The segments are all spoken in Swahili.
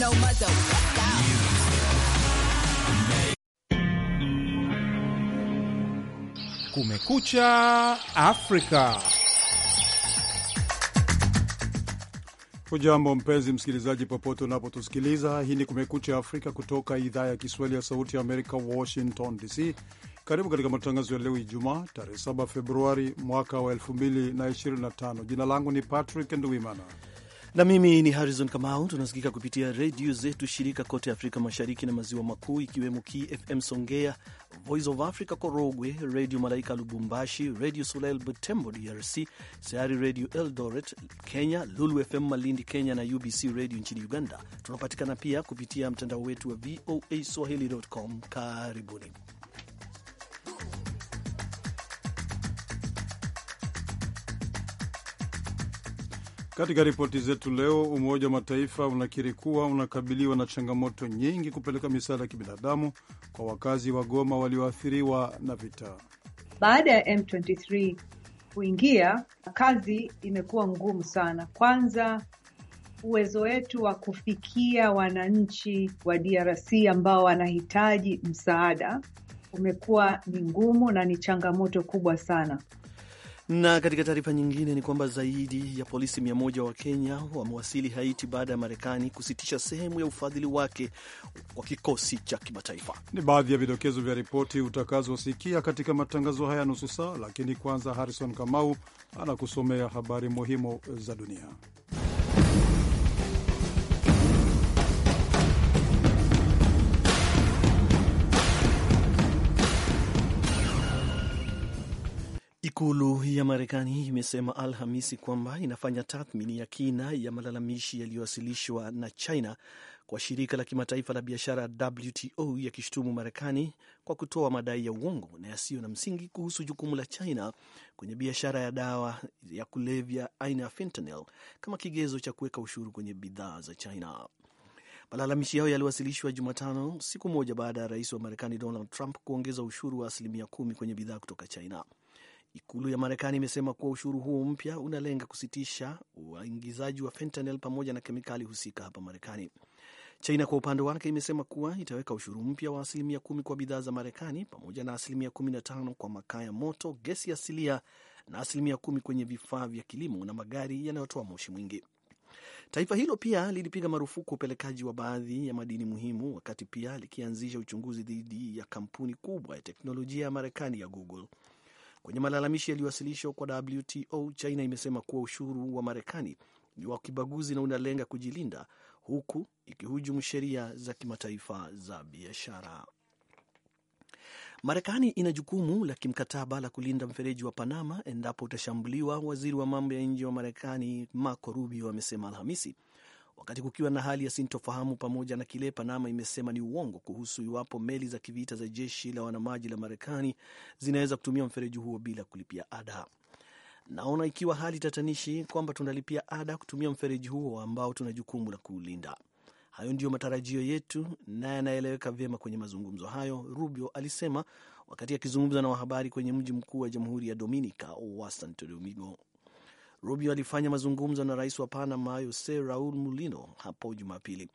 no mother. Kumekucha Afrika. Hujambo mpenzi msikilizaji, popote unapotusikiliza. Hii ni Kumekucha Afrika kutoka idhaa ya Kiswahili ya Sauti ya Amerika, Washington DC. Karibu katika matangazo ya leo Ijumaa, tarehe 7 Februari mwaka wa 2025. Jina langu ni Patrick Ndwimana na mimi ni Harrison Kamau. Tunasikika kupitia redio zetu shirika kote Afrika Mashariki na Maziwa Makuu, ikiwemo KFM Songea, Voice of Africa Korogwe, Redio Malaika Lubumbashi, Redio Soleil Butembo DRC, Sayari Redio Eldoret Kenya, Lulu FM Malindi Kenya na UBC Redio nchini Uganda. Tunapatikana pia kupitia mtandao wetu wa VOA Swahili.com. Karibuni. Katika ripoti zetu leo, Umoja wa Mataifa unakiri kuwa unakabiliwa na changamoto nyingi kupeleka misaada ya kibinadamu kwa wakazi wa Goma walioathiriwa na vita. Baada ya M23 kuingia, kazi imekuwa ngumu sana. Kwanza, uwezo wetu wa kufikia wananchi wa DRC ambao wanahitaji msaada umekuwa ni ngumu na ni changamoto kubwa sana. Na katika taarifa nyingine ni kwamba zaidi ya polisi mia moja wa Kenya wamewasili Haiti baada ya Marekani kusitisha sehemu ya ufadhili wake wa kikosi cha kimataifa. Ni baadhi ya vidokezo vya ripoti utakazosikia katika matangazo haya nusu saa, lakini kwanza Harrison Kamau anakusomea habari muhimu za dunia. Ikulu ya Marekani imesema Alhamisi kwamba inafanya tathmini ya kina ya malalamishi yaliyowasilishwa na China kwa shirika la kimataifa la biashara WTO yakishutumu Marekani kwa kutoa madai ya uongo na yasiyo na msingi kuhusu jukumu la China kwenye biashara ya dawa ya kulevya aina ya fentanyl kama kigezo cha kuweka ushuru kwenye bidhaa za China. Malalamishi yao yaliwasilishwa Jumatano, siku moja baada ya rais wa Marekani Donald Trump kuongeza ushuru wa asilimia kumi kwenye bidhaa kutoka China. Ikulu ya Marekani imesema kuwa ushuru huo mpya unalenga kusitisha uingizaji wa fentanyl pamoja na kemikali husika hapa Marekani. China kwa upande wake imesema kuwa itaweka ushuru mpya wa asilimia kumi kwa bidhaa za Marekani pamoja na asilimia kumi na tano kwa makaa ya moto, gesi asilia na asilimia kumi kwenye vifaa vya kilimo na magari yanayotoa moshi mwingi. Taifa hilo pia lilipiga marufuku upelekaji wa baadhi ya madini muhimu, wakati pia likianzisha uchunguzi dhidi ya kampuni kubwa ya teknolojia ya Marekani ya Google Kwenye malalamishi yaliyowasilishwa kwa WTO, China imesema kuwa ushuru wa Marekani ni wa kibaguzi na unalenga kujilinda, huku ikihujumu sheria za kimataifa za biashara. Marekani ina jukumu la kimkataba la kulinda mfereji wa Panama endapo utashambuliwa, waziri wa mambo ya nje wa Marekani Marco Rubio amesema Alhamisi, wakati kukiwa na hali ya sintofahamu pamoja na kile Panama imesema ni uongo kuhusu iwapo meli za kivita za jeshi la wanamaji la Marekani zinaweza kutumia mfereji huo bila kulipia ada. Naona ikiwa hali tatanishi kwamba tunalipia ada kutumia mfereji huo ambao tuna jukumu la kuulinda. Hayo ndiyo matarajio yetu na yanaeleweka vyema kwenye mazungumzo hayo, Rubio alisema wakati akizungumza na wahabari kwenye mji mkuu wa Jamhuri ya Dominica wa Santo Domingo. Rubio alifanya mazungumzo na rais wa Panama Jose Raul Mulino hapo Jumapili.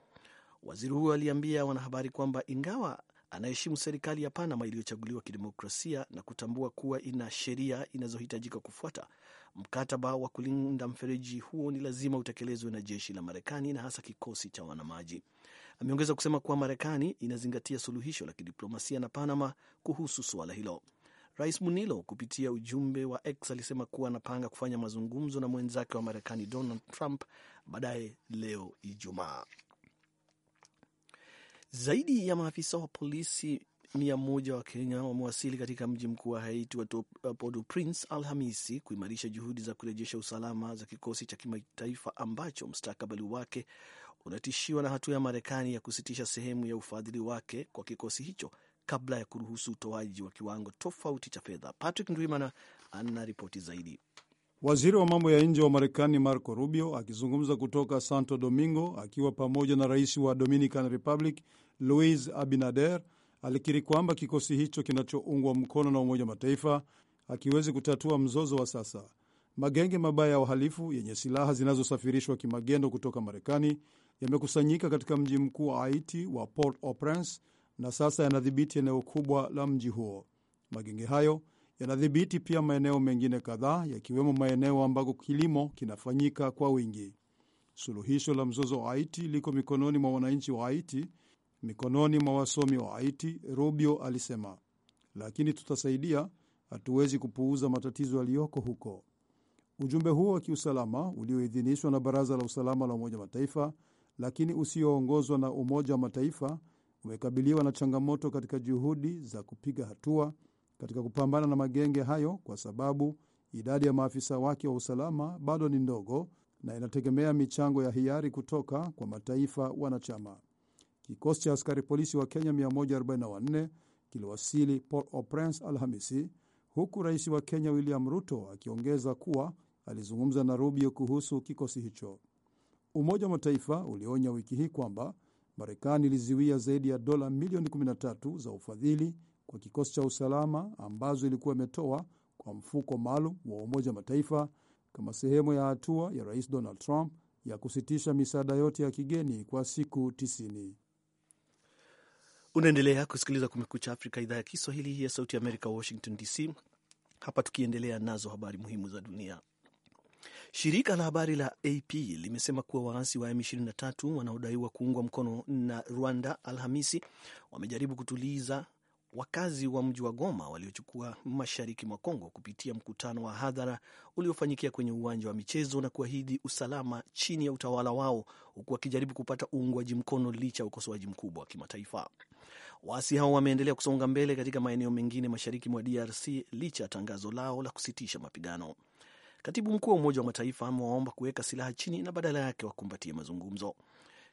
Waziri huyo aliambia wanahabari kwamba ingawa anaheshimu serikali ya Panama iliyochaguliwa kidemokrasia na kutambua kuwa ina sheria inazohitajika kufuata, mkataba wa kulinda mfereji huo ni lazima utekelezwe na jeshi la Marekani na hasa kikosi cha wanamaji. Ameongeza kusema kuwa Marekani inazingatia suluhisho la kidiplomasia na Panama kuhusu suala hilo. Rais Munilo kupitia ujumbe wa X alisema kuwa anapanga kufanya mazungumzo na mwenzake wa Marekani Donald Trump baadaye leo Ijumaa. Zaidi ya maafisa wa polisi mia moja wa Kenya wamewasili katika mji mkuu wa Haiti wa uh, Port-au-Prince Alhamisi kuimarisha juhudi za kurejesha usalama za kikosi cha kimataifa ambacho mstakabali wake unatishiwa na hatua ya Marekani ya kusitisha sehemu ya ufadhili wake kwa kikosi hicho kabla ya kuruhusu utoaji wa kiwango tofauti cha fedha. Patrick Ndwimana ana ripoti zaidi. Waziri wa mambo ya nje wa Marekani Marco Rubio akizungumza kutoka Santo Domingo akiwa pamoja na rais wa Dominican Republic Luis Abinader alikiri kwamba kikosi hicho kinachoungwa mkono na Umoja wa Mataifa hakiwezi kutatua mzozo wa sasa. Magenge mabaya ya uhalifu yenye silaha zinazosafirishwa kimagendo kutoka Marekani yamekusanyika katika mji mkuu wa Haiti wa Port au Prince na sasa yanadhibiti eneo kubwa la mji huo. Magenge hayo yanadhibiti pia maeneo mengine kadhaa, yakiwemo maeneo ambako kilimo kinafanyika kwa wingi. Suluhisho la mzozo wa Haiti liko mikononi mwa wananchi wa Haiti, mikononi mwa wasomi wa Haiti, Rubio alisema, lakini tutasaidia, hatuwezi kupuuza matatizo yaliyoko huko. Ujumbe huo wa kiusalama ulioidhinishwa na Baraza la Usalama la Umoja Mataifa, lakini usioongozwa na Umoja wa Mataifa umekabiliwa na changamoto katika juhudi za kupiga hatua katika kupambana na magenge hayo kwa sababu idadi ya maafisa wake wa usalama bado ni ndogo na inategemea michango ya hiari kutoka kwa mataifa wanachama. Kikosi cha askari polisi wa Kenya 144 kiliwasili Port-au-Prince Alhamisi, huku rais wa Kenya William Ruto akiongeza kuwa alizungumza na Rubio kuhusu kikosi hicho. Umoja wa Mataifa ulionya wiki hii kwamba Marekani iliziwia zaidi ya dola milioni 13 za ufadhili kwa kikosi cha usalama ambazo ilikuwa imetoa kwa mfuko maalum wa Umoja Mataifa kama sehemu ya hatua ya Rais Donald Trump ya kusitisha misaada yote ya kigeni kwa siku 90. Unaendelea kusikiliza Kumekucha Afrika, idhaa ya Kiswahili ya Sauti ya Amerika, Washington DC. Hapa tukiendelea nazo habari muhimu za dunia. Shirika la habari la AP limesema kuwa waasi wa M23 wanaodaiwa kuungwa mkono na Rwanda Alhamisi wamejaribu kutuliza wakazi wa mji wa Goma waliochukua mashariki mwa Kongo kupitia mkutano wa hadhara uliofanyikia kwenye uwanja wa michezo na kuahidi usalama chini ya utawala wao huku wakijaribu kupata uungwaji mkono licha ya ukosoaji mkubwa wa kimataifa. Waasi hao wameendelea kusonga mbele katika maeneo mengine mashariki mwa DRC licha ya tangazo lao la kusitisha mapigano. Katibu mkuu wa Umoja wa Mataifa amewaomba kuweka silaha chini na badala yake wakumbatie mazungumzo.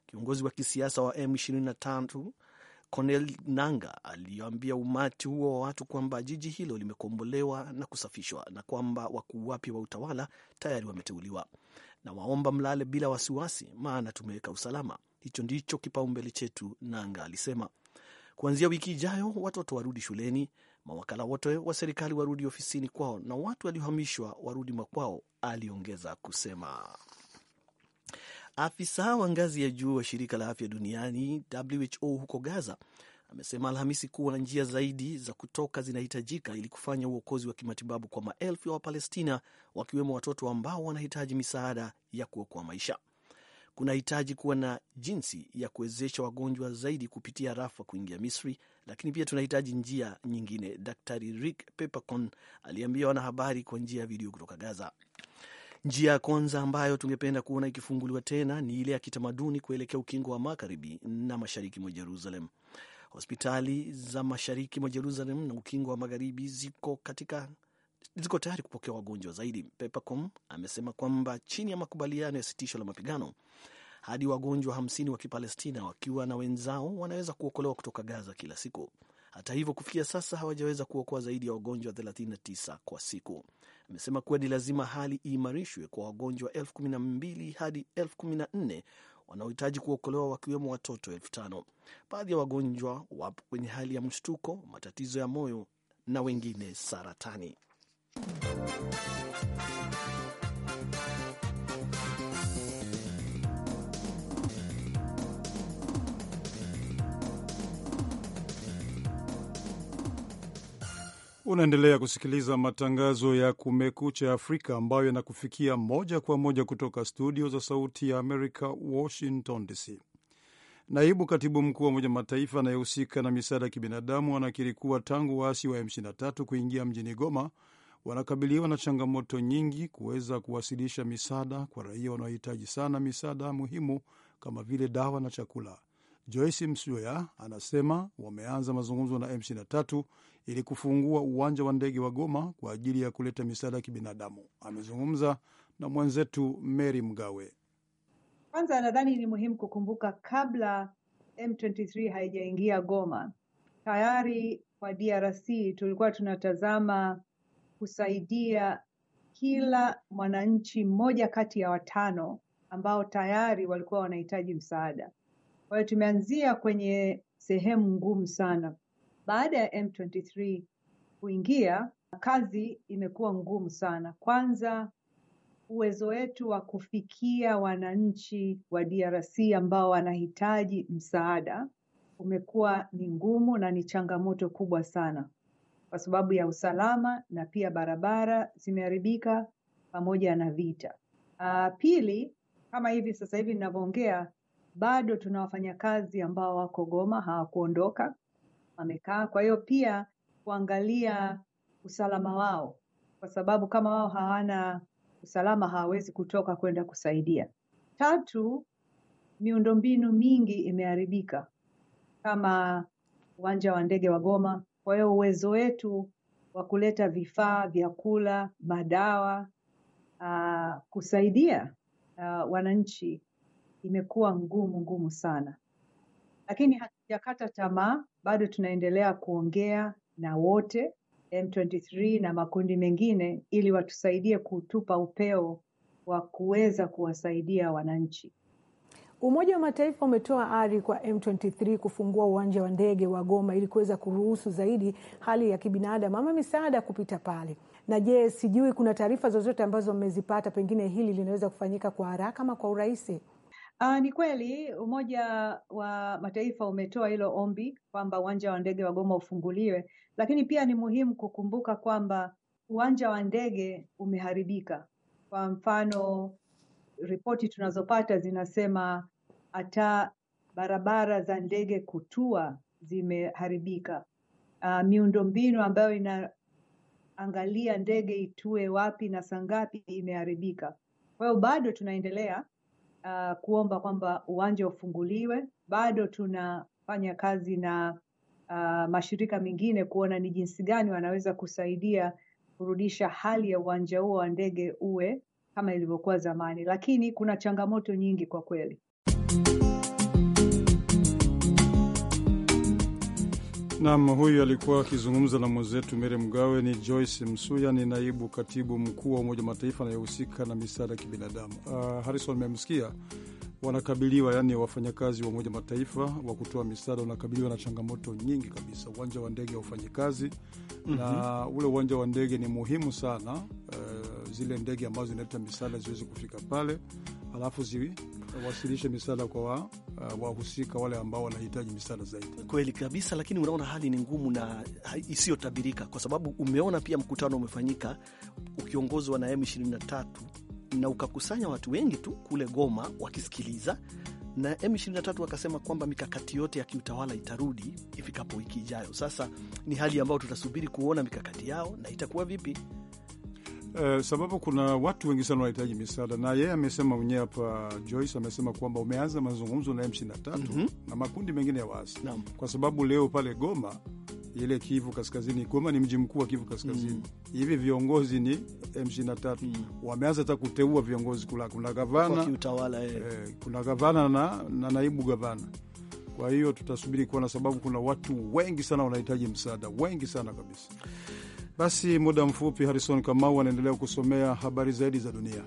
Kiongozi wa kisiasa wa M23 Cornel nanga aliyoambia umati huo wa watu kwamba jiji hilo limekombolewa na kusafishwa na kwamba wakuu wapya wa utawala tayari wameteuliwa. Na waomba mlale bila wasiwasi, maana tumeweka usalama. Hicho ndicho kipaumbele chetu, nanga alisema. Kuanzia wiki ijayo watoto warudi shuleni mawakala wote wa serikali warudi ofisini kwao na watu waliohamishwa warudi makwao, aliongeza kusema. Afisa wa ngazi ya juu wa shirika la afya duniani WHO huko Gaza amesema Alhamisi kuwa njia zaidi za kutoka zinahitajika ili kufanya uokozi wa kimatibabu kwa maelfu ya Wapalestina, wakiwemo watoto ambao wanahitaji misaada ya kuokoa maisha kunahitaji kuwa na jinsi ya kuwezesha wagonjwa zaidi kupitia Rafa kuingia Misri, lakini pia tunahitaji njia nyingine, Daktari Rick Peppercorn aliambia wanahabari kwa njia ya video kutoka Gaza. Njia ya kwanza ambayo tungependa kuona ikifunguliwa tena ni ile ya kitamaduni kuelekea ukingo wa magharibi na mashariki mwa Jerusalem. Hospitali za mashariki mwa Jerusalem na ukingo wa magharibi ziko katika ziko tayari kupokea wagonjwa zaidi. Pepacom amesema kwamba chini ya makubaliano ya sitisho la mapigano hadi wagonjwa hamsini wa Kipalestina wakiwa na wenzao wanaweza kuokolewa kutoka Gaza kila siku. Hata hivyo, kufikia sasa hawajaweza kuokoa zaidi ya wagonjwa 39 kwa siku. Amesema kuwa ni lazima hali iimarishwe kwa wagonjwa elfu kumi na mbili hadi elfu kumi na nne wanaohitaji kuokolewa wakiwemo watoto elfu tano. Baadhi ya wagonjwa wapo kwenye hali ya mshtuko, matatizo ya moyo na wengine saratani. Unaendelea kusikiliza matangazo ya Kumekucha Afrika ambayo yanakufikia moja kwa moja kutoka studio za Sauti ya Amerika, Washington DC. Naibu katibu mkuu wa Umoja Mataifa anayehusika na misaada ya kibinadamu anakiri kuwa tangu waasi wa M23 kuingia mjini Goma, wanakabiliwa na changamoto nyingi kuweza kuwasilisha misaada kwa raia wanaohitaji sana misaada muhimu kama vile dawa na chakula. Joyce Msuya anasema wameanza mazungumzo na M23 ili kufungua uwanja wa ndege wa Goma kwa ajili ya kuleta misaada ya kibinadamu. Amezungumza na mwenzetu Mary Mgawe. Kwanza nadhani ni muhimu kukumbuka, kabla M23 haijaingia Goma, tayari kwa DRC tulikuwa tunatazama kusaidia kila mwananchi mmoja kati ya watano ambao tayari walikuwa wanahitaji msaada. Kwa hiyo tumeanzia kwenye sehemu ngumu sana. Baada ya M23 kuingia, kazi imekuwa ngumu sana. Kwanza, uwezo wetu wa kufikia wananchi wa DRC ambao wanahitaji msaada umekuwa ni ngumu na ni changamoto kubwa sana kwa sababu ya usalama na pia barabara zimeharibika pamoja na vita. Uh, pili, kama hivi sasa hivi ninavyoongea, bado tuna wafanyakazi ambao wako Goma hawakuondoka, wamekaa. Kwa hiyo pia kuangalia usalama wao, kwa sababu kama wao hawana usalama hawawezi kutoka kwenda kusaidia. Tatu, miundombinu mingi imeharibika kama uwanja wa ndege wa Goma kwa hiyo uwezo wetu wa kuleta vifaa, vyakula, madawa uh, kusaidia uh, wananchi imekuwa ngumu ngumu sana, lakini hatujakata tamaa, bado tunaendelea kuongea na wote M23 na makundi mengine ili watusaidie kutupa upeo wa kuweza kuwasaidia wananchi. Umoja wa Mataifa umetoa ari kwa M23 kufungua uwanja wa ndege wa Goma ili kuweza kuruhusu zaidi hali ya kibinadamu ama misaada kupita pale. Na je, sijui kuna taarifa zozote ambazo mmezipata, pengine hili linaweza kufanyika kwa haraka ama kwa urahisi? Uh, ni kweli Umoja wa Mataifa umetoa hilo ombi kwamba uwanja wa ndege wa Goma ufunguliwe, lakini pia ni muhimu kukumbuka kwamba uwanja wa ndege umeharibika. Kwa mfano ripoti tunazopata zinasema hata barabara za ndege kutua zimeharibika. Uh, miundombinu ambayo inaangalia ndege itue wapi na saa ngapi imeharibika. Kwa hiyo bado tunaendelea uh, kuomba kwamba uwanja ufunguliwe. Bado tunafanya kazi na uh, mashirika mengine kuona ni jinsi gani wanaweza kusaidia kurudisha hali ya uwanja huo wa ndege uwe kama ilivyokuwa zamani, lakini kuna changamoto nyingi kwa kweli. Nam, huyu alikuwa akizungumza na mwenzetu Mere Mgawe. Ni Joyce Msuya, ni naibu katibu mkuu wa Umoja Mataifa anayehusika na misaada ya kibinadamu. Uh, Harrison, memsikia wanakabiliwa, yani wafanyakazi wa Umoja Mataifa wa kutoa misaada wanakabiliwa na changamoto nyingi kabisa. Uwanja wa ndege haufanyi kazi mm -hmm. na ule uwanja wa ndege ni muhimu sana uh, zile ndege ambazo zinaleta misaada ziweze kufika pale, alafu ziwasilishe misaada kwa uh, wahusika wale ambao wanahitaji misaada zaidi. Kweli kabisa, lakini unaona hali ni ngumu na isiyotabirika, kwa sababu umeona pia mkutano umefanyika ukiongozwa na M23 na ukakusanya watu wengi tu kule Goma wakisikiliza na M23 wakasema kwamba mikakati yote ya kiutawala itarudi ifikapo wiki ijayo. Sasa ni hali ambayo tutasubiri kuona mikakati yao na itakuwa vipi. Eh, sababu kuna watu wengi sana wanahitaji misaada, na yeye amesema mwenyewe hapa, Joyce amesema kwamba umeanza mazungumzo na M23 mm -hmm. na makundi mengine ya waasi no. kwa sababu leo pale Goma ile Kivu Kaskazini, Goma ni mji mkuu wa Kivu Kaskazini mm. hivi viongozi ni M23 mm. wameanza hata kuteua viongozi, kuna gavana eh. eh, kuna gavana na, na naibu gavana kwa hiyo tutasubiri kuona, sababu kuna watu wengi sana wanahitaji msaada, wengi sana kabisa. Basi muda mfupi, Harrison Kamau anaendelea kusomea habari zaidi za dunia.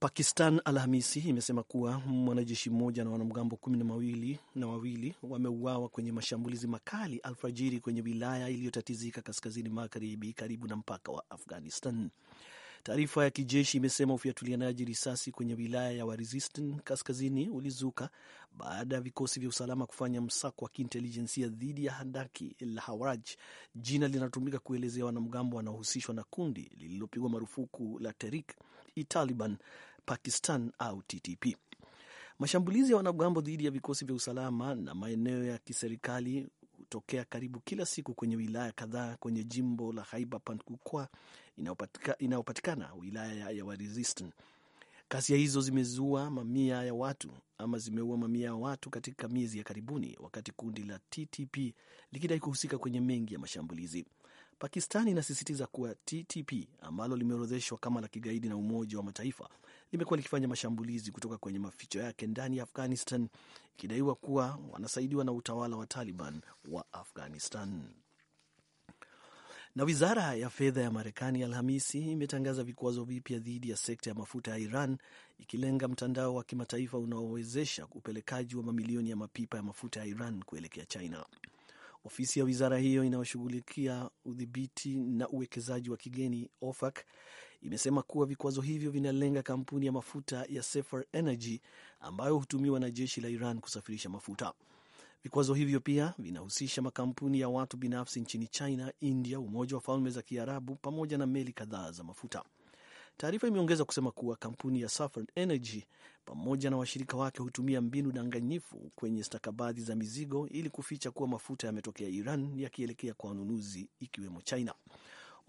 Pakistan Alhamisi imesema kuwa mwanajeshi mmoja na wanamgambo kumi na mawili na wawili wameuawa kwenye mashambulizi makali alfajiri kwenye wilaya iliyotatizika kaskazini magharibi karibu na mpaka wa Afghanistan. Taarifa ya kijeshi imesema ufyatulianaji risasi kwenye wilaya ya Waziristan kaskazini ulizuka baada ya vikosi vya usalama kufanya msako wa kiintelijensia dhidi ya handaki la Hawaraj, jina linatumika kuelezea wanamgambo wanaohusishwa na kundi lililopigwa marufuku la Tehrik i Taliban Pakistan au TTP. Mashambulizi ya wanamgambo dhidi ya vikosi vya usalama na maeneo ya kiserikali hutokea karibu kila siku kwenye wilaya kadhaa kwenye jimbo la Khyber Pakhtunkhwa inayopatikana wilaya ya Waziristan. Kasia hizo zimezua mamia ya watu ama zimeua mamia ya watu katika miezi ya karibuni, wakati kundi la TTP likidai kuhusika kwenye mengi ya mashambulizi. Pakistan inasisitiza kuwa TTP ambalo limeorodheshwa kama la kigaidi na Umoja wa Mataifa limekuwa likifanya mashambulizi kutoka kwenye maficho yake ndani ya Afghanistan, ikidaiwa kuwa wanasaidiwa na utawala wa Taliban wa Afghanistan. Na wizara ya fedha ya Marekani Alhamisi imetangaza vikwazo vipya dhidi ya sekta ya mafuta ya Iran, ikilenga mtandao wa kimataifa unaowezesha upelekaji wa mamilioni ya mapipa ya mafuta ya Iran kuelekea China. Ofisi ya wizara hiyo inayoshughulikia udhibiti na uwekezaji wa kigeni OFAC imesema kuwa vikwazo hivyo vinalenga kampuni ya mafuta ya Safer Energy ambayo hutumiwa na jeshi la Iran kusafirisha mafuta. Vikwazo hivyo pia vinahusisha makampuni ya watu binafsi nchini China, India, Umoja wa Falme za Kiarabu pamoja na meli kadhaa za mafuta. Taarifa imeongeza kusema kuwa kampuni ya Safer Energy pamoja na washirika wake hutumia mbinu danganyifu kwenye stakabadhi za mizigo ili kuficha kuwa mafuta yametokea Iran yakielekea kwa wanunuzi ikiwemo China.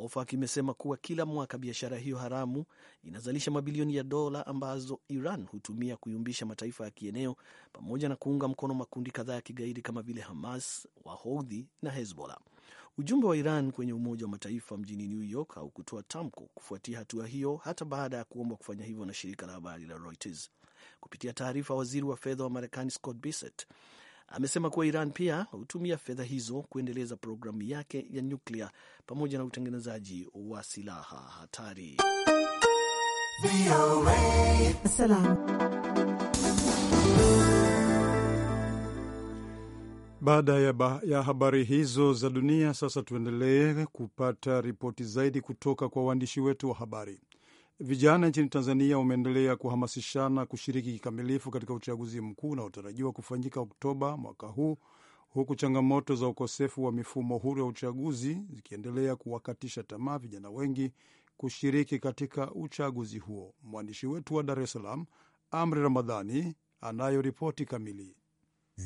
OFAC imesema kuwa kila mwaka biashara hiyo haramu inazalisha mabilioni ya dola ambazo Iran hutumia kuyumbisha mataifa ya kieneo pamoja na kuunga mkono makundi kadhaa ya kigaidi kama vile Hamas, Wahodhi na Hezbollah. Ujumbe wa Iran kwenye Umoja wa Mataifa mjini New York haukutoa tamko kufuatia hatua hiyo hata baada ya kuomba kufanya hivyo na shirika la habari la Reuters. Kupitia taarifa, waziri wa fedha wa Marekani Scott Bissett Amesema kuwa Iran pia hutumia fedha hizo kuendeleza programu yake ya nyuklia pamoja na utengenezaji wa silaha hatari. Baada ya, ba ya habari hizo za dunia, sasa tuendelee kupata ripoti zaidi kutoka kwa waandishi wetu wa habari. Vijana nchini Tanzania wameendelea kuhamasishana kushiriki kikamilifu katika uchaguzi mkuu unaotarajiwa kufanyika Oktoba mwaka huu, huku changamoto za ukosefu wa mifumo huru ya uchaguzi zikiendelea kuwakatisha tamaa vijana wengi kushiriki katika uchaguzi huo. Mwandishi wetu wa Dar es Salaam, Amri Ramadhani, anayo ripoti kamili.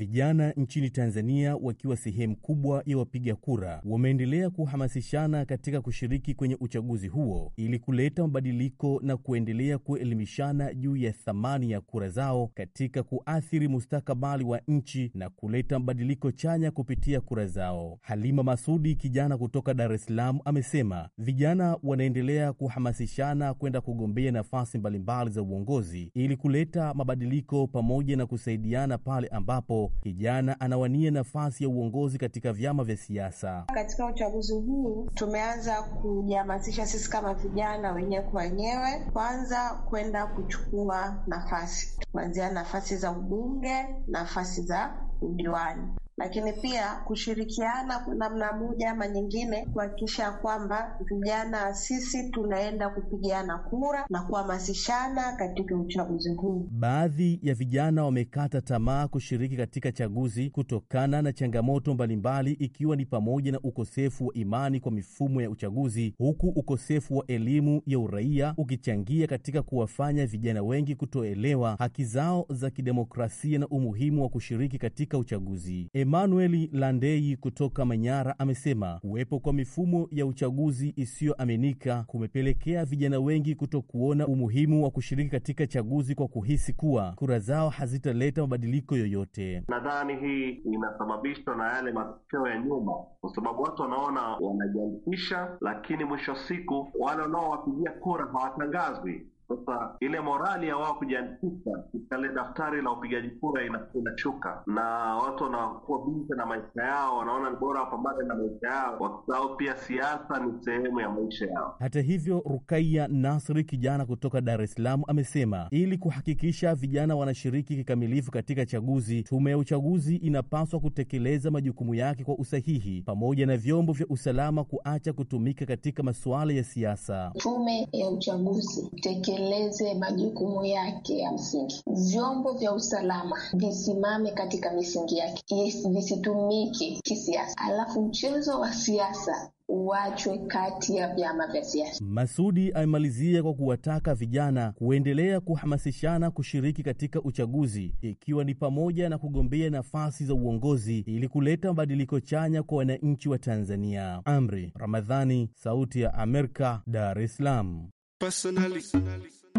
Vijana nchini Tanzania wakiwa sehemu kubwa ya wapiga kura wameendelea kuhamasishana katika kushiriki kwenye uchaguzi huo ili kuleta mabadiliko na kuendelea kuelimishana juu ya thamani ya kura zao katika kuathiri mustakabali wa nchi na kuleta mabadiliko chanya kupitia kura zao. Halima Masudi, kijana kutoka Dar es Salaam, amesema vijana wanaendelea kuhamasishana kwenda kugombea nafasi mbalimbali za uongozi ili kuleta mabadiliko pamoja na kusaidiana pale ambapo kijana anawania nafasi ya uongozi katika vyama vya siasa. Katika uchaguzi huu tumeanza kujihamasisha sisi kama vijana wenyewe kwa wenyewe, kwanza kwenda kuchukua nafasi, kuanzia nafasi za ubunge, nafasi za udiwani lakini pia kushirikiana kwa namna moja ama nyingine kuhakikisha kwamba vijana sisi tunaenda kupigana kura na kuhamasishana katika uchaguzi huu. Baadhi ya vijana wamekata tamaa kushiriki katika chaguzi kutokana na changamoto mbalimbali, ikiwa ni pamoja na ukosefu wa imani kwa mifumo ya uchaguzi, huku ukosefu wa elimu ya uraia ukichangia katika kuwafanya vijana wengi kutoelewa haki zao za kidemokrasia na umuhimu wa kushiriki katika uchaguzi. Emmanuel Landei kutoka Manyara amesema kuwepo kwa mifumo ya uchaguzi isiyoaminika kumepelekea vijana wengi kutokuona umuhimu wa kushiriki katika chaguzi kwa kuhisi kuwa kura zao hazitaleta mabadiliko yoyote. Nadhani hii inasababishwa na yale matokeo ya nyuma, kwa sababu watu wanaona wanajiandikisha, lakini mwisho wa siku wale wanaowapigia kura hawatangazwi. Sasa ile morali ya wao kujiandikisha katika daftari la upigaji kura inashuka, na watu wanakuwa bize na maisha yao, wanaona ni bora wapambane na maisha yao, wakisahau pia siasa ni sehemu ya maisha yao. Hata hivyo, Rukaiya Nasri, kijana kutoka Dar es Salaam, amesema ili kuhakikisha vijana wanashiriki kikamilifu katika chaguzi, tume ya uchaguzi inapaswa kutekeleza majukumu yake kwa usahihi, pamoja na vyombo vya usalama kuacha kutumika katika masuala ya siasa. Tume ya uchaguzi teke vitekeleze majukumu yake ya msingi. Vyombo vya usalama visimame katika misingi yake, yes, visitumike kisiasa, alafu mchezo wa siasa uachwe kati ya vyama vya siasa. Masudi amemalizia kwa kuwataka vijana kuendelea kuhamasishana kushiriki katika uchaguzi, ikiwa ni pamoja na kugombea nafasi za uongozi ili kuleta mabadiliko chanya kwa wananchi wa Tanzania. Amri Ramadhani, Sauti ya Amerika, Dar es Salaam. personally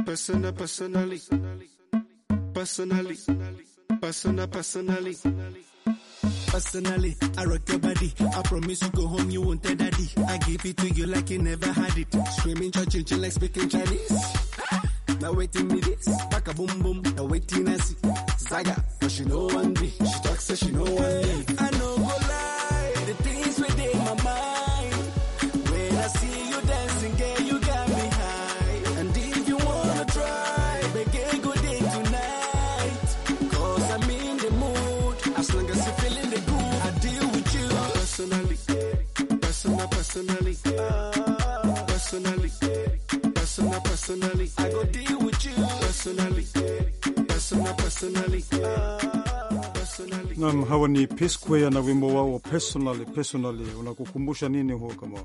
persona personally personally persona personally Personally, I rock your body. I promise you go home, you won't tell daddy. I give it to you like you never had it. Screaming, churching, like speaking Chinese. Now waiting me this, back a boom boom. Now waiting I see. Zaga, but she know one day. She talks, so she know one day. Nam, hawa ni P Square na wimbo wao personally. Personally unakukumbusha nini huo kama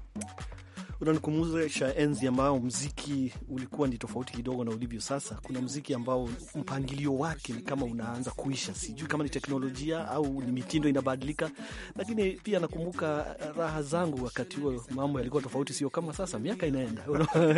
unanikumbusha enzi ambayo mziki ulikuwa ni tofauti kidogo na ulivyo sasa. Kuna mziki ambao mpangilio wake ni kama unaanza kuisha, sijui kama ni teknolojia au ni mitindo inabadilika, lakini pia nakumbuka raha zangu wakati huo, mambo yalikuwa tofauti, sio kama sasa, miaka inaenda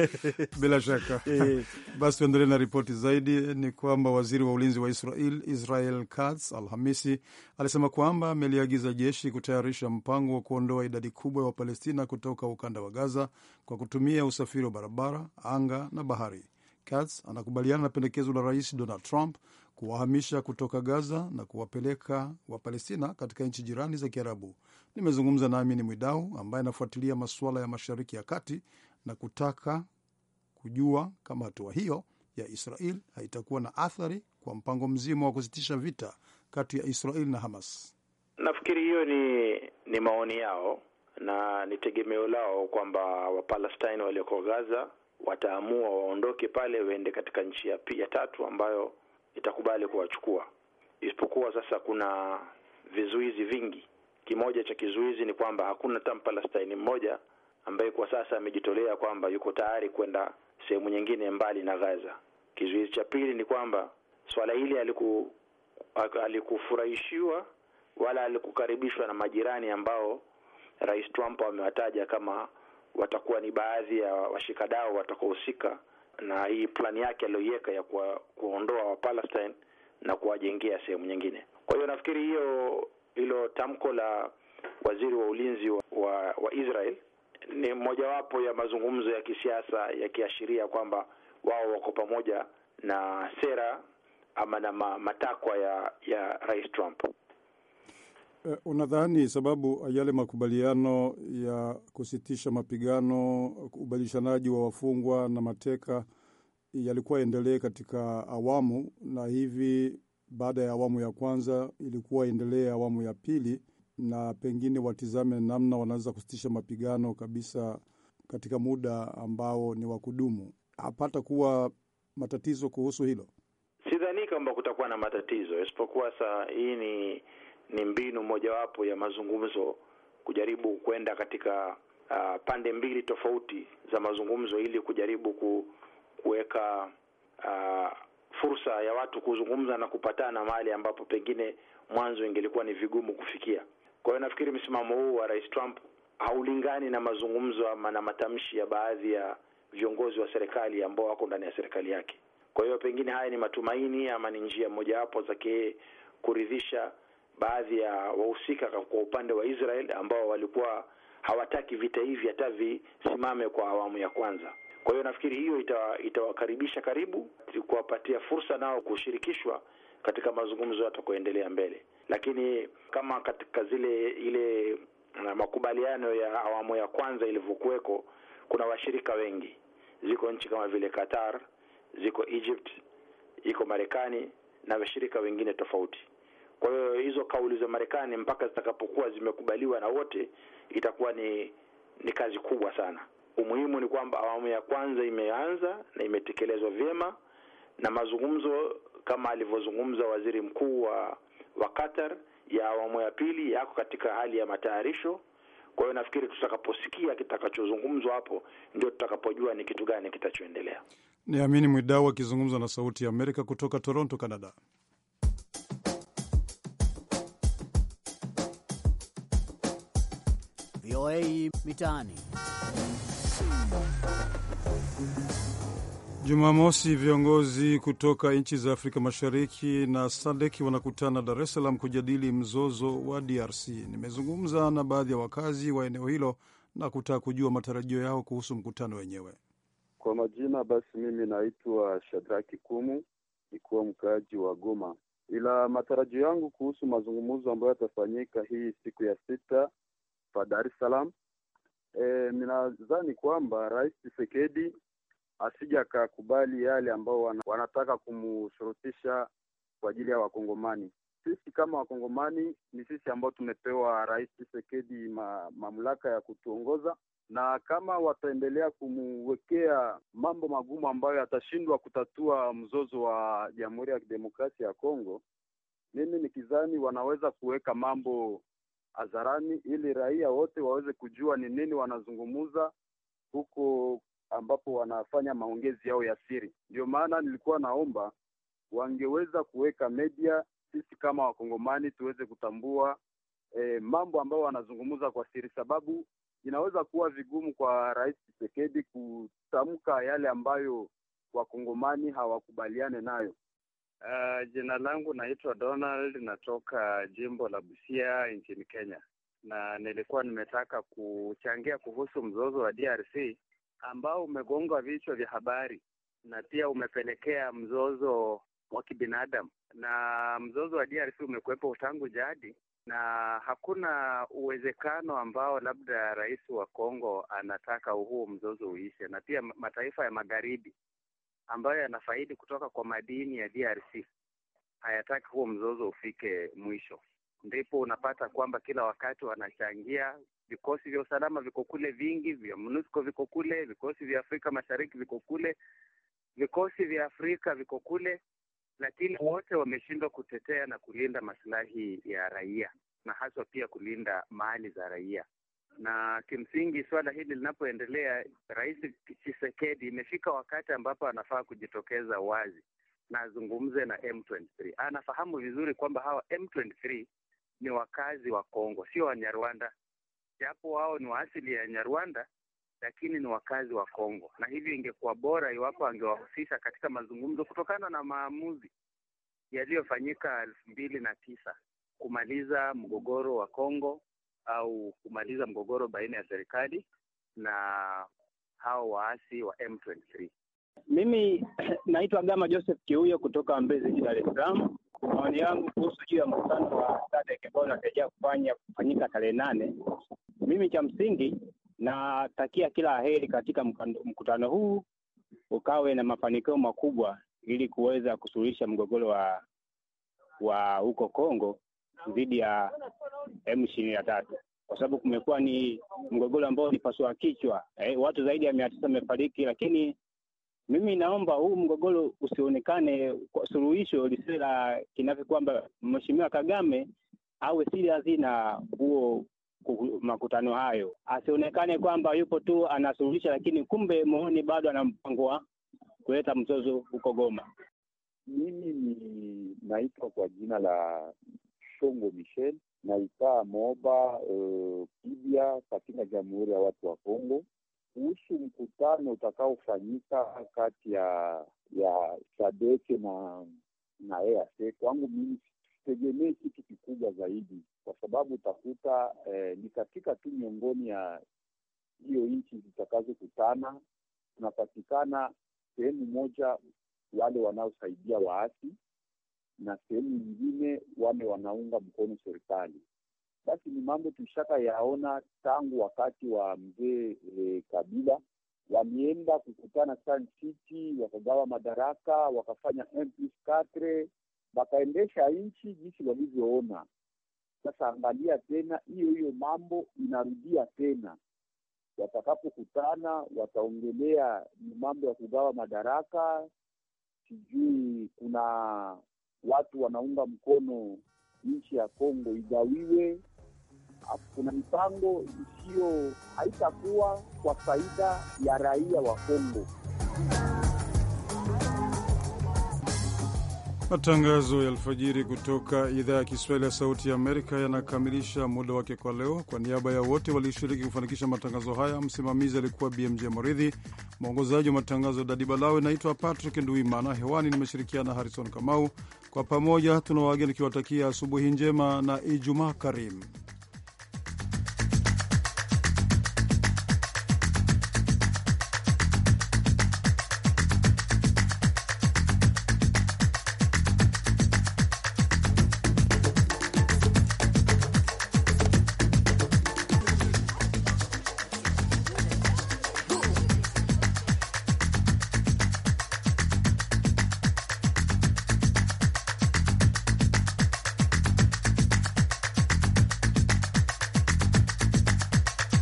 bila shaka eh. basi tuendelee na ripoti zaidi. Ni kwamba waziri wa ulinzi wa Israel Israel Katz Alhamisi alisema kwamba ameliagiza jeshi kutayarisha mpango wa kuondoa idadi kubwa ya Wapalestina kutoka ukanda wa Gaza kwa kutumia usafiri wa barabara, anga na bahari. Katz anakubaliana na pendekezo la Rais Donald Trump kuwahamisha kutoka Gaza na kuwapeleka Wapalestina katika nchi jirani za Kiarabu. Nimezungumza na Amini Mwidau ambaye anafuatilia masuala ya Mashariki ya Kati na kutaka kujua kama hatua hiyo ya Israel haitakuwa na athari kwa mpango mzima wa kusitisha vita kati ya Israel na Hamas. Nafikiri hiyo ni, ni maoni yao na ni tegemeo lao kwamba Wapalestina walioko Gaza wataamua waondoke pale, waende katika nchi ya, ya tatu ambayo itakubali kuwachukua. Isipokuwa sasa kuna vizuizi vingi. Kimoja cha kizuizi ni kwamba hakuna hata Mpalestini mmoja ambaye kwa sasa amejitolea kwamba yuko tayari kwenda sehemu nyingine mbali na Gaza. Kizuizi cha pili ni kwamba swala hili aliku, alikufurahishiwa wala alikukaribishwa na majirani ambao Rais Trump amewataja kama watakuwa ni baadhi ya washikadau watakaohusika na hii plani yake aliyoiweka ya kuwaondoa Wapalestine na kuwajengea sehemu nyingine. Kwa hiyo nafikiri hiyo hilo tamko la waziri wa ulinzi wa, wa, wa Israel ni mojawapo ya mazungumzo ya kisiasa yakiashiria kwamba wao wako pamoja na sera ama na matakwa ya, ya Rais Trump. Uh, unadhani sababu yale makubaliano ya kusitisha mapigano, ubadilishanaji wa wafungwa na mateka yalikuwa endelee katika awamu na hivi baada ya awamu ya kwanza ilikuwa endelee awamu ya pili, na pengine watizame namna wanaweza kusitisha mapigano kabisa katika muda ambao ni wa kudumu. Hapata kuwa matatizo kuhusu hilo? Sidhani kwamba kutakuwa na matatizo, isipokuwa saa hii ni ni mbinu mojawapo ya mazungumzo kujaribu kwenda katika uh, pande mbili tofauti za mazungumzo ili kujaribu ku, kuweka uh, fursa ya watu kuzungumza na kupatana mahali ambapo pengine mwanzo ingelikuwa ni vigumu kufikia. Kwa hiyo nafikiri msimamo huu wa Rais Trump haulingani na mazungumzo ama na matamshi ya baadhi ya viongozi wa serikali ambao wako ndani ya serikali yake. Kwa hiyo pengine haya ni matumaini ama ni njia mojawapo za kuridhisha baadhi ya wahusika kwa upande wa Israel ambao walikuwa hawataki vita hivi hata visimame kwa awamu ya kwanza. Kwa hiyo nafikiri hiyo ita, itawakaribisha karibu, kuwapatia fursa nao kushirikishwa katika mazungumzo yatakayoendelea mbele, lakini kama katika zile ile makubaliano ya awamu ya kwanza ilivyokuweko, kuna washirika wengi, ziko nchi kama vile Qatar, ziko Egypt, iko Marekani na washirika wengine tofauti. Kwa hiyo hizo kauli za Marekani mpaka zitakapokuwa zimekubaliwa na wote itakuwa ni ni kazi kubwa sana. Umuhimu ni kwamba awamu ya kwanza imeanza na imetekelezwa vyema, na mazungumzo kama alivyozungumza waziri mkuu wa wa Qatar ya awamu ya pili yako katika hali ya matayarisho. Kwa hiyo nafikiri tutakaposikia kitakachozungumzwa hapo ndio tutakapojua ni kitu gani kitachoendelea. Ni Amini Mwidau akizungumza na Sauti ya Amerika kutoka Toronto, Canada. VOA Mitaani. Jumamosi, viongozi kutoka nchi za Afrika Mashariki na sadek wanakutana Dar es Salaam kujadili mzozo wa DRC. Nimezungumza na baadhi ya wakazi wa eneo hilo na kutaka kujua matarajio yao kuhusu mkutano wenyewe. Kwa majina basi, mimi naitwa Shadraki Kumu, nikuwa mkaaji wa Goma, ila matarajio yangu kuhusu mazungumzo ambayo yatafanyika hii siku ya sita pa Dar es Salaam. E, ninadhani kwamba Rais Tshisekedi asija akakubali yale ambao wanataka kumshurutisha kwa ajili ya Wakongomani. Sisi kama Wakongomani ni sisi ambao tumepewa Rais Tshisekedi ma, mamlaka ya kutuongoza, na kama wataendelea kumwekea mambo magumu ambayo atashindwa kutatua mzozo wa Jamhuri ya Kidemokrasia ya Kongo, mimi nikizani wanaweza kuweka mambo hadharani, ili raia wote waweze kujua ni nini wanazungumuza huko ambapo wanafanya maongezi yao ya siri. Ndio maana nilikuwa naomba wangeweza kuweka media, sisi kama wakongomani tuweze kutambua eh, mambo ambayo wanazungumza kwa siri, sababu inaweza kuwa vigumu kwa Rais Tshisekedi kutamka yale ambayo wakongomani hawakubaliane nayo. Uh, jina langu naitwa Donald, natoka jimbo la Busia nchini Kenya, na nilikuwa nimetaka kuchangia kuhusu mzozo wa DRC ambao umegonga vichwa vya habari na pia umepelekea mzozo wa kibinadamu, na mzozo wa DRC umekuwepo tangu jadi na hakuna uwezekano ambao labda rais wa Kongo anataka huu mzozo uishe, na pia mataifa ya magharibi ambayo yanafaidi kutoka kwa madini ya DRC hayataki huo mzozo ufike mwisho. Ndipo unapata kwamba kila wakati wanachangia, vikosi vya usalama viko kule vingi, vya MONUSCO viko kule, vikosi vya Afrika Mashariki viko kule, vikosi vya Afrika viko kule, lakini wote wameshindwa kutetea na kulinda maslahi ya raia na haswa pia kulinda mali za raia na kimsingi suala hili linapoendelea, Rais chisekedi imefika wakati ambapo anafaa kujitokeza wazi na azungumze na M23. Anafahamu vizuri kwamba hawa M23 ni wakazi wa Kongo, sio Wanyarwanda, japo wao ni waasili ya Nyarwanda, lakini ni wakazi wa Kongo, na hivyo ingekuwa bora iwapo angewahusisha katika mazungumzo, kutokana na maamuzi yaliyofanyika elfu mbili na tisa kumaliza mgogoro wa Kongo au kumaliza mgogoro baina ya serikali na hao waasi wa M23. Mimi naitwa Gama Joseph Kiuyo kutoka Mbezi, Dar es Salaam. Maoni yangu kuhusu juu ya mkutano wa SADC ambao unatarajia kufanya kufanyika tarehe nane, mimi cha msingi natakia kila heri katika mkutano huu, ukawe na mafanikio makubwa ili kuweza kusuluhisha mgogoro wa wa huko Kongo dhidi ya M23 kwa sababu kumekuwa ni mgogoro ambao ni pasua kichwa eh, watu zaidi ya mia tisa wamefariki, lakini mimi naomba huu mgogoro usionekane kwa suluhisho lisiwe la kinafiki, kwamba Mheshimiwa Kagame awe serious na huo makutano hayo, asionekane kwamba yupo tu anasuluhisha, lakini kumbe mooni bado ana mpango wa kuleta mzozo huko Goma. Mimi ni naitwa kwa jina la Chongo Michel na Ikaa Moba uh, Kibya katika Jamhuri ya Watu wa Kongo kuhusu mkutano utakaofanyika kati ya ya Sadeke na na EAC. Kwangu mimi sitegemee kitu kikubwa zaidi, kwa sababu utakuta eh, ni katika tu miongoni ya hiyo nchi zitakazokutana, tunapatikana sehemu moja wale wanaosaidia waasi na sehemu nyingine wame wanaunga mkono serikali. Basi ni mambo tushaka yaona tangu wakati wa mzee e, Kabila walienda kukutana Sun City, wakagawa madaraka, wakafanya M plus wakaendesha nchi jinsi walivyoona. Sasa angalia tena, hiyo hiyo mambo inarudia tena. Watakapokutana wataongelea ni mambo ya kugawa madaraka, sijui kuna watu wanaunga mkono nchi ya Kongo igawiwe. Kuna mipango isiyo haitakuwa kwa faida ya raia wa Kongo. Matangazo ya alfajiri kutoka idhaa ya Kiswahili ya Sauti ya Amerika yanakamilisha muda wake kwa leo. Kwa niaba ya wote walioshiriki kufanikisha matangazo haya, msimamizi alikuwa BMJ Moridhi, mwongozaji wa matangazo ya Dadi Balawe. Naitwa Patrick Nduimana, hewani nimeshirikiana na Harrison Kamau. Kwa pamoja tunawaageni nikiwatakia asubuhi njema na Ijumaa karimu.